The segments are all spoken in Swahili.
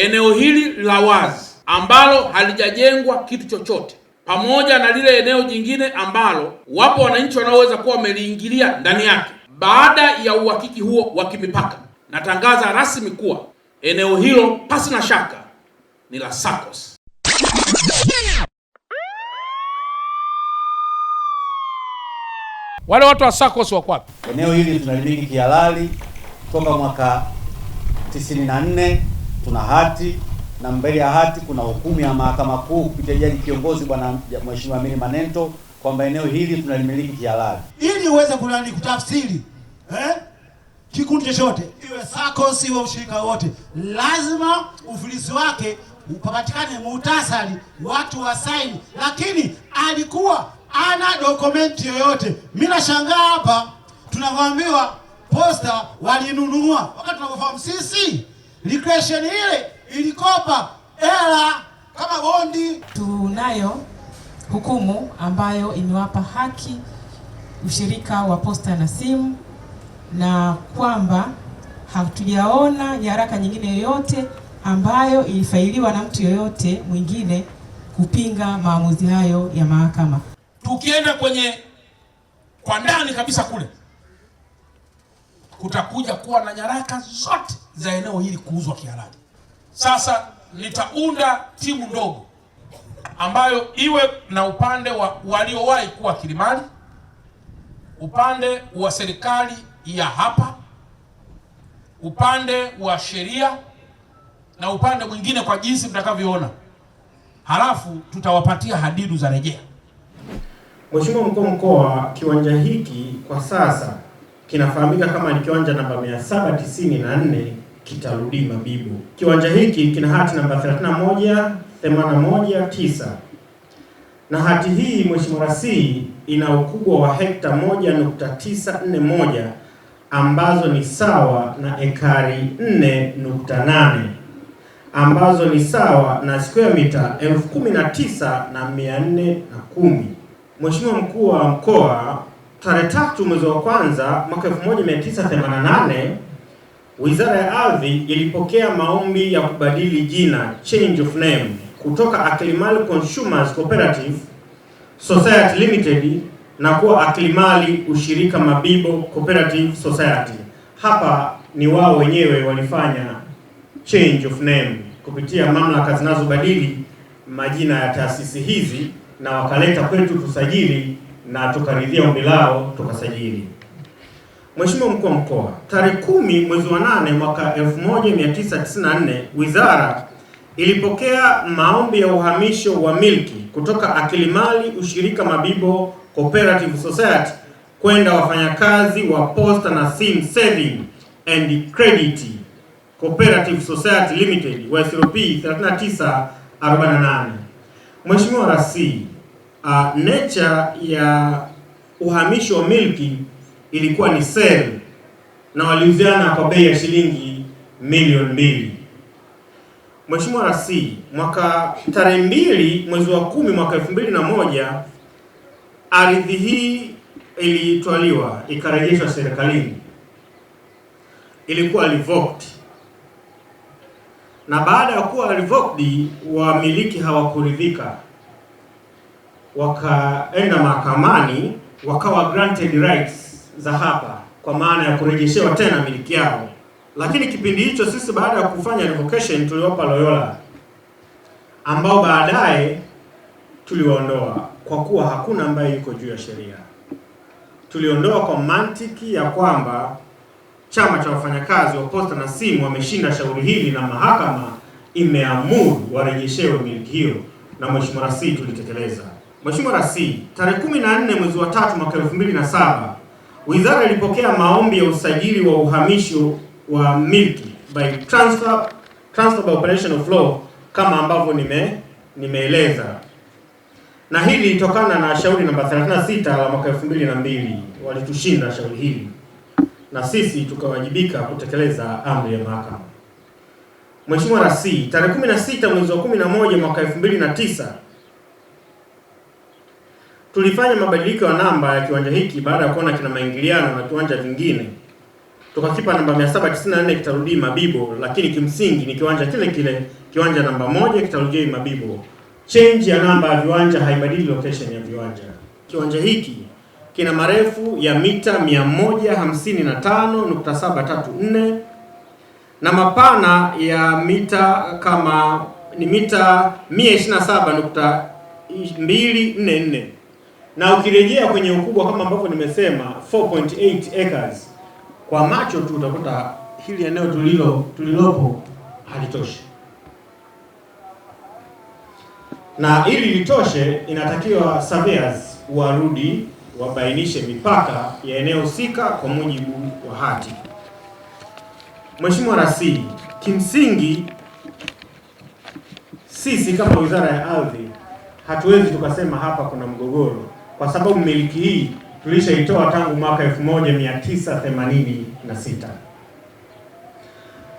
eneo hili la wazi ambalo halijajengwa kitu chochote pamoja na lile eneo jingine ambalo wapo wananchi wanaoweza kuwa wameliingilia ndani yake. Baada ya uhakiki huo wa kimipaka, natangaza rasmi kuwa eneo hilo pasi na shaka ni la SACCOS. Wale watu wa SACCOS wako wapi? Eneo hili tunalimiliki kihalali toka mwaka 94 tuna hati na mbele ya hati kuna hukumu ya mahakama kuu kupitia jaji kiongozi bwana mheshimiwa Amini Manento kwamba eneo hili tunalimiliki kihalali. Ili uweze kunani kutafsiri eh? Kikundi chochote iwe sako siwe ushirika wote, lazima ufilisi wake upatikane muhtasari, watu wasaini. Lakini alikuwa ana dokumenti yoyote? Mimi nashangaa hapa tunavyoambiwa posta walinunua, wakati tunavyofahamu sisi Liquidation ile ilikopa hela kama bondi. Tunayo hukumu ambayo imewapa haki ushirika wa Posta na simu na kwamba hatujaona nyaraka nyingine yoyote ambayo ilifailiwa na mtu yoyote mwingine kupinga maamuzi hayo ya mahakama. Tukienda kwenye kwa ndani kabisa kule kutakuja kuwa na nyaraka zote za eneo hili kuuzwa kihalali. Sasa nitaunda timu ndogo ambayo iwe na upande wa waliowahi kuwa Kilimali, upande wa serikali ya hapa, upande wa sheria na upande mwingine kwa jinsi mtakavyoona, halafu tutawapatia hadidu za rejea. Mheshimiwa Mkuu wa Mkoa, kiwanja hiki kwa sasa kinafahamika kama ni kiwanja namba 794 kitarudi Mabibu. Kiwanja hiki kina hati namba 31 na hati hii Mheshimiwa rasii ina ukubwa wa hekta 1.941 ambazo ni sawa na ekari 4.8 ambazo ni sawa na square mita elfu kumi na tisa na mia nne na kumi. Mheshimiwa Mkuu wa Mkoa, tarehe tatu mwezi wa kwanza mwaka 1988 Wizara ya Ardhi ilipokea maombi ya kubadili jina change of name kutoka Akilimali Consumers Cooperative Society Limited na kuwa Akilimali Ushirika Mabibo Cooperative Society. Hapa ni wao wenyewe walifanya change of name kupitia mamlaka zinazobadili majina ya taasisi hizi na wakaleta kwetu tusajili na tukaridhia ombi lao tukasajili. Mheshimiwa Mkuu wa Mkoa, tarehe kumi mwezi wa nane mwaka 1994 wizara ilipokea maombi ya uhamisho wa milki kutoka Akilimali Ushirika Mabibo Cooperative Society kwenda wafanyakazi wa Posta na Sim Saving and Credit Cooperative Society Limited wa SLP 3948. Mheshimiwa Rasi, uh, nature ya uhamisho wa milki ilikuwa ni sale na waliuziana kwa bei ya shilingi milioni mbili. Mheshimiwa Rasi, mwaka tarehe mbili mwezi wa kumi mwaka elfu mbili na moja ardhi hii ilitwaliwa ikarejeshwa serikalini, ilikuwa revoked, na baada ya kuwa revoked wamiliki hawakuridhika, wakaenda mahakamani wakawa granted rights za hapa, kwa maana ya kurejeshewa tena miliki yao. Lakini kipindi hicho sisi, baada ya kufanya revocation, tuliwapa Loyola ambao baadaye tuliwaondoa kwa kuwa hakuna ambaye yuko juu ya sheria. Tuliondoa kwa mantiki ya kwamba chama cha wafanyakazi wa posta na simu wameshinda shauri hili na mahakama imeamuru warejeshewe miliki hiyo, na Mheshimiwa Rasi tulitekeleza. Mheshimiwa Rasi, tarehe 14 mwezi wa 3 mwaka 2007 Wizara ilipokea maombi ya usajili wa uhamisho wa milki by transfer, transfer by operation of law kama ambavyo nime nimeeleza, na hili litokana na shauri namba 36 la mwaka 2002. Walitushinda shauri hili na sisi tukawajibika kutekeleza amri ya mahakama. Mheshimiwa Rais, tarehe 16 mwezi wa 11 mwaka 2009 tulifanya mabadiliko ya namba ya kiwanja hiki baada ya kuona kina maingiliano na viwanja vingine, tukakipa namba 794 kitarudi Mabibo, lakini kimsingi ni kiwanja kile kile, kiwanja namba moja kitarudi Mabibo. Change ya namba ya viwanja haibadili location ya viwanja. Kiwanja hiki kina marefu ya mita 155.734 na mapana ya mita kama ni mita 127.244 na ukirejea kwenye ukubwa kama ambavyo nimesema 4.8 acres, kwa macho tu utakuta hili eneo tulilo tulilopo halitoshi, na ili litoshe inatakiwa surveyors warudi wabainishe mipaka ya eneo husika kwa mujibu wa hati. Mheshimiwa Rasi, kimsingi sisi kama Wizara ya Ardhi hatuwezi tukasema hapa kuna mgogoro kwa sababu miliki hii tulishaitoa tangu mwaka 1986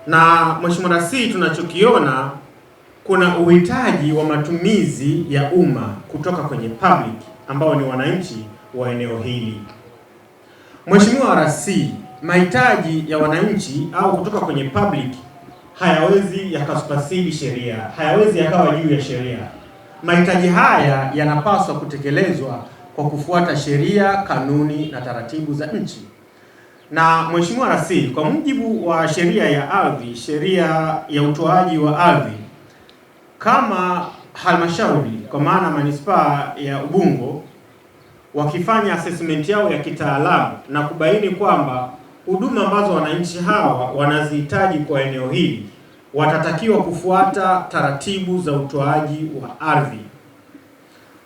na Mheshimiwa Rais, tunachokiona kuna uhitaji wa matumizi ya umma kutoka kwenye public ambao ni wananchi wa eneo hili. Mheshimiwa Rais, mahitaji ya wananchi au kutoka kwenye public hayawezi yakasutasidi sheria, hayawezi yakawa juu ya sheria. Mahitaji haya yanapaswa kutekelezwa kwa kufuata sheria, kanuni na taratibu za nchi. Na Mheshimiwa Rais, kwa mujibu wa sheria ya ardhi, sheria ya utoaji wa ardhi, kama halmashauri kwa maana manispaa ya Ubungo wakifanya assessment yao ya kitaalamu na kubaini kwamba huduma ambazo wananchi hawa wanazihitaji kwa eneo hili watatakiwa kufuata taratibu za utoaji wa ardhi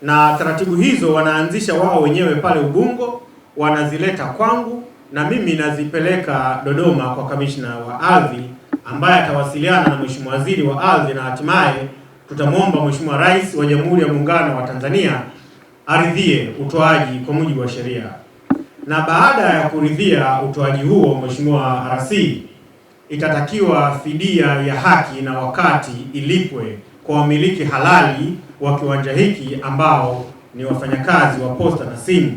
na taratibu hizo wanaanzisha wao wenyewe pale Ubungo, wanazileta kwangu na mimi nazipeleka Dodoma kwa kamishna wa ardhi ambaye atawasiliana na mheshimiwa waziri wa ardhi na hatimaye tutamwomba mheshimiwa rais wa Jamhuri ya Muungano wa Tanzania aridhie utoaji kwa mujibu wa sheria. Na baada ya kuridhia utoaji huo, mheshimiwa RC, itatakiwa fidia ya haki na wakati ilipwe kwa wamiliki halali wa kiwanja hiki ambao ni wafanyakazi wa posta na simu.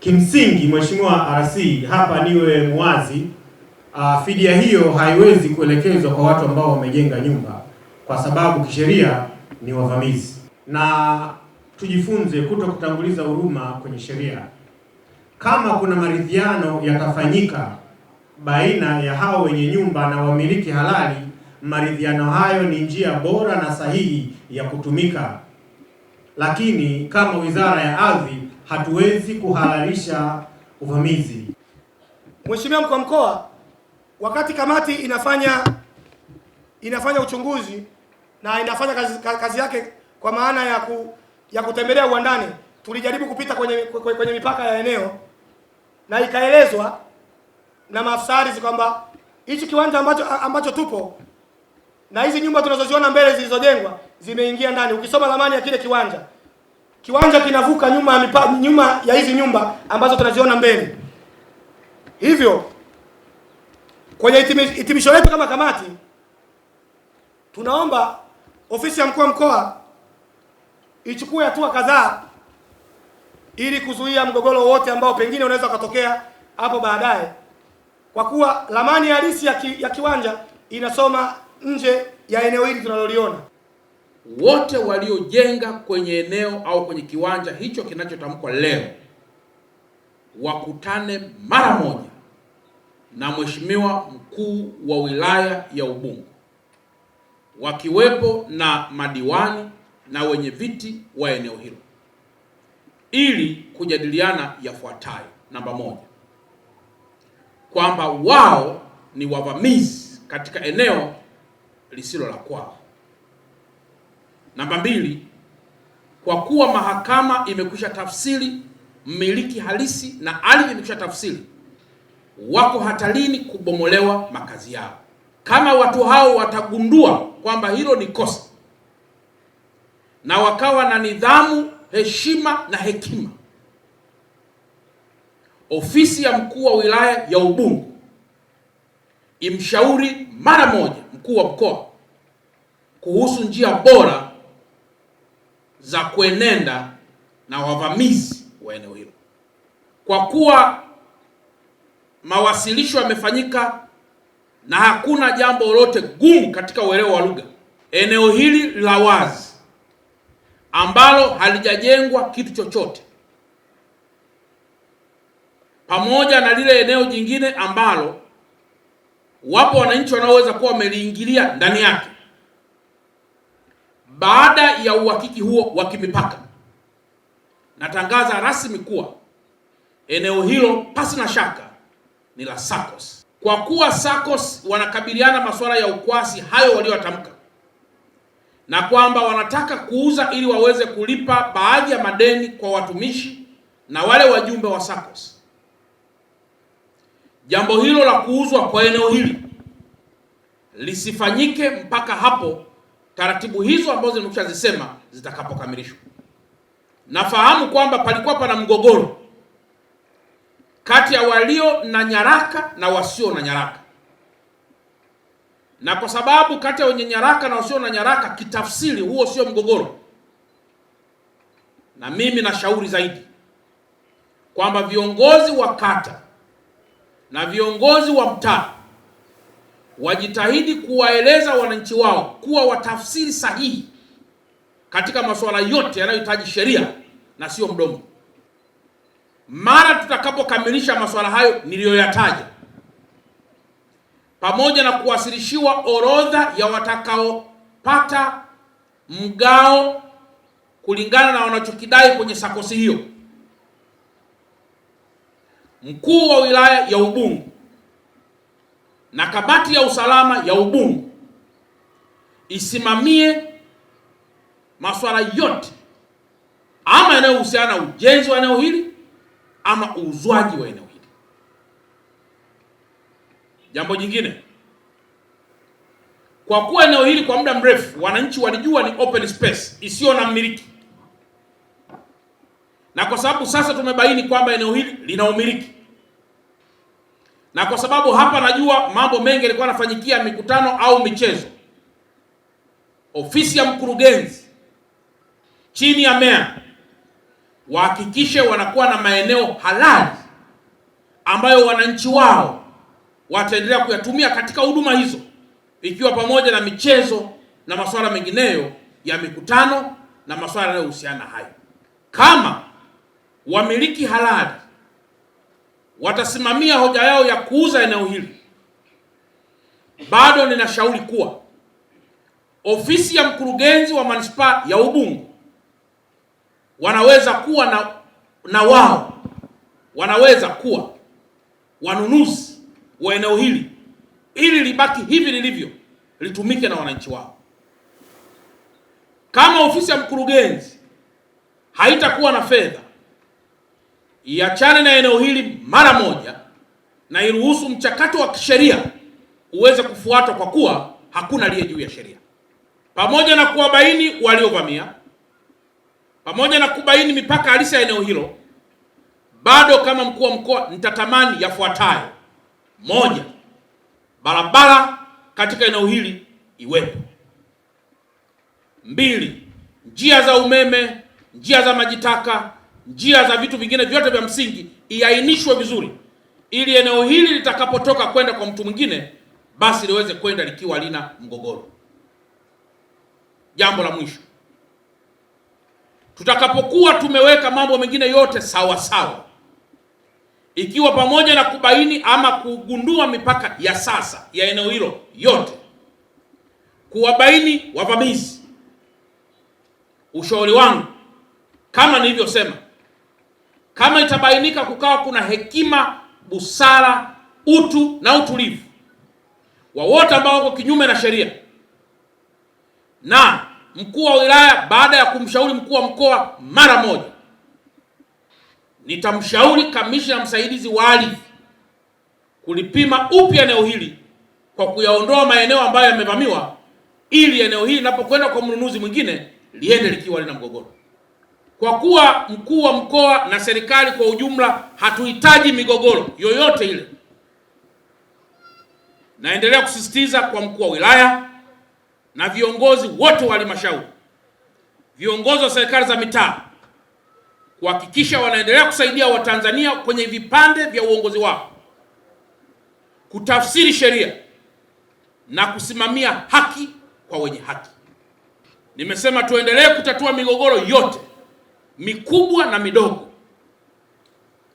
Kimsingi Mheshimiwa RC, hapa niwe muwazi, ah, fidia hiyo haiwezi kuelekezwa kwa watu ambao wamejenga nyumba kwa sababu kisheria ni wavamizi, na tujifunze kuto kutanguliza huruma kwenye sheria. Kama kuna maridhiano yatafanyika baina ya hao wenye nyumba na wamiliki halali maridhiano hayo ni njia bora na sahihi ya kutumika, lakini kama Wizara ya Ardhi hatuwezi kuhalalisha uvamizi. Mheshimiwa Mkuu wa Mkoa, wakati kamati inafanya inafanya uchunguzi na inafanya kazi, kazi yake kwa maana ya, ku, ya kutembelea uwandani, tulijaribu kupita kwenye, kwenye mipaka ya eneo na ikaelezwa na maafisa ardhi kwamba hichi kiwanja ambacho, ambacho tupo na hizi nyumba tunazoziona mbele zilizojengwa zimeingia ndani. Ukisoma ramani ya kile kiwanja, kiwanja kinavuka nyuma ya mipa, nyuma ya hizi nyumba ambazo tunaziona mbele. Hivyo kwenye hitimisho letu kama kamati, tunaomba ofisi ya mkuu wa mkoa ichukue hatua kadhaa ili kuzuia mgogoro wote ambao pengine unaweza ukatokea hapo baadaye, kwa kuwa ramani halisi ya, ki, ya kiwanja inasoma nje ya eneo hili tunaloliona. Wote waliojenga kwenye eneo au kwenye kiwanja hicho kinachotamkwa leo wakutane mara moja na mheshimiwa mkuu wa wilaya ya Ubungo, wakiwepo na madiwani na wenye viti wa eneo hilo ili kujadiliana yafuatayo. Namba moja, kwamba wao ni wavamizi katika eneo lisilo la kwao. Namba mbili, kwa kuwa mahakama imekwisha tafsiri mmiliki halisi na ardhi imekwisha tafsiri, wako hatarini kubomolewa makazi yao. Kama watu hao watagundua kwamba hilo ni kosa na wakawa na nidhamu, heshima na hekima, ofisi ya mkuu wa wilaya ya Ubungo imshauri mara moja mkuu wa mkoa kuhusu njia bora za kuenenda na wavamizi wa eneo hilo, kwa kuwa mawasilisho yamefanyika na hakuna jambo lolote gumu katika uelewa wa lugha. Eneo hili la wazi ambalo halijajengwa kitu chochote, pamoja na lile eneo jingine ambalo wapo wananchi wanaoweza kuwa wameliingilia ndani yake. Baada ya uhakiki huo wa kimipaka, natangaza rasmi kuwa eneo hilo pasi na shaka ni la SACCOS. Kwa kuwa SACCOS wanakabiliana masuala ya ukwasi hayo waliyotamka, na kwamba wanataka kuuza ili waweze kulipa baadhi ya madeni kwa watumishi na wale wajumbe wa SACCOS Jambo hilo la kuuzwa kwa eneo hili lisifanyike mpaka hapo taratibu hizo ambazo nimekushazisema zitakapokamilishwa. Nafahamu kwamba palikuwa pana mgogoro kati ya walio na nyaraka na wasio na nyaraka, na kwa sababu kati ya wenye nyaraka na wasio na nyaraka, kitafsiri huo sio mgogoro, na mimi nashauri zaidi kwamba viongozi wa kata na viongozi wa mtaa wajitahidi kuwaeleza wananchi wao kuwa watafsiri sahihi katika masuala yote yanayohitaji sheria na sio mdomo. Mara tutakapokamilisha masuala hayo niliyoyataja, pamoja na kuwasilishiwa orodha ya watakaopata mgao kulingana na wanachokidai kwenye sakosi hiyo mkuu wa wilaya ya Ubungo na kamati ya usalama ya Ubungo isimamie masuala yote ama yanayohusiana na ujenzi wa eneo hili ama uuzwaji wa eneo hili. Jambo jingine, kwa kuwa eneo hili kwa muda mrefu wananchi walijua ni open space isiyo na mmiliki, na kwa sababu sasa tumebaini kwamba eneo hili lina umiliki na kwa sababu hapa najua mambo mengi yalikuwa yanafanyikia mikutano au michezo. Ofisi ya mkurugenzi chini ya meya wahakikishe wanakuwa na maeneo halali ambayo wananchi wao wataendelea kuyatumia katika huduma hizo, ikiwa pamoja na michezo na masuala mengineyo ya mikutano na masuala yanayohusiana hayo. Kama wamiliki halali watasimamia hoja yao ya kuuza eneo hili, bado ninashauri kuwa ofisi ya mkurugenzi wa manispaa ya Ubungo wanaweza kuwa na, na wao wanaweza kuwa wanunuzi wa eneo hili ili libaki hivi lilivyo litumike na wananchi wao. Kama ofisi ya mkurugenzi haitakuwa na fedha iachane na eneo hili mara moja na iruhusu mchakato wa kisheria uweze kufuatwa kwa kuwa hakuna aliye juu ya sheria, pamoja na kuwabaini waliovamia, pamoja na kubaini mipaka halisi ya eneo hilo. Bado kama mkuu wa mkoa nitatamani yafuatayo: moja, barabara katika eneo hili iwepo; mbili, njia za umeme, njia za maji taka njia za vitu vingine vyote vya msingi iainishwe vizuri, ili eneo hili litakapotoka kwenda kwa mtu mwingine, basi liweze kwenda likiwa lina mgogoro. Jambo la mwisho, tutakapokuwa tumeweka mambo mengine yote sawa sawa, ikiwa pamoja na kubaini ama kugundua mipaka ya sasa ya eneo hilo yote, kuwabaini wavamizi, ushauri wangu kama nilivyosema kama itabainika kukawa kuna hekima, busara, utu na utulivu wa wote ambao wako kinyume na sheria, na mkuu wa wilaya baada ya kumshauri mkuu wa mkoa mara moja, nitamshauri kamishna msaidizi wa ardhi kulipima upya eneo hili kwa kuyaondoa maeneo ambayo yamevamiwa, ili eneo hili linapokwenda kwa mnunuzi mwingine liende likiwa lina mgogoro. Kwa kuwa mkuu wa mkoa na serikali kwa ujumla hatuhitaji migogoro yoyote ile. Naendelea kusisitiza kwa mkuu wa wilaya na viongozi wote wa halmashauri, viongozi wa serikali za mitaa kuhakikisha wanaendelea kusaidia Watanzania kwenye vipande vya uongozi wao, kutafsiri sheria na kusimamia haki kwa wenye haki. Nimesema tuendelee kutatua migogoro yote mikubwa na midogo,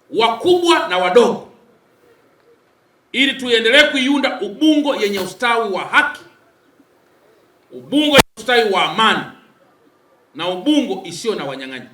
wakubwa na wadogo, ili tuendelee kuiunda Ubungo yenye ustawi wa haki, Ubungo yenye ustawi wa amani na Ubungo isiyo na wanyang'anyi.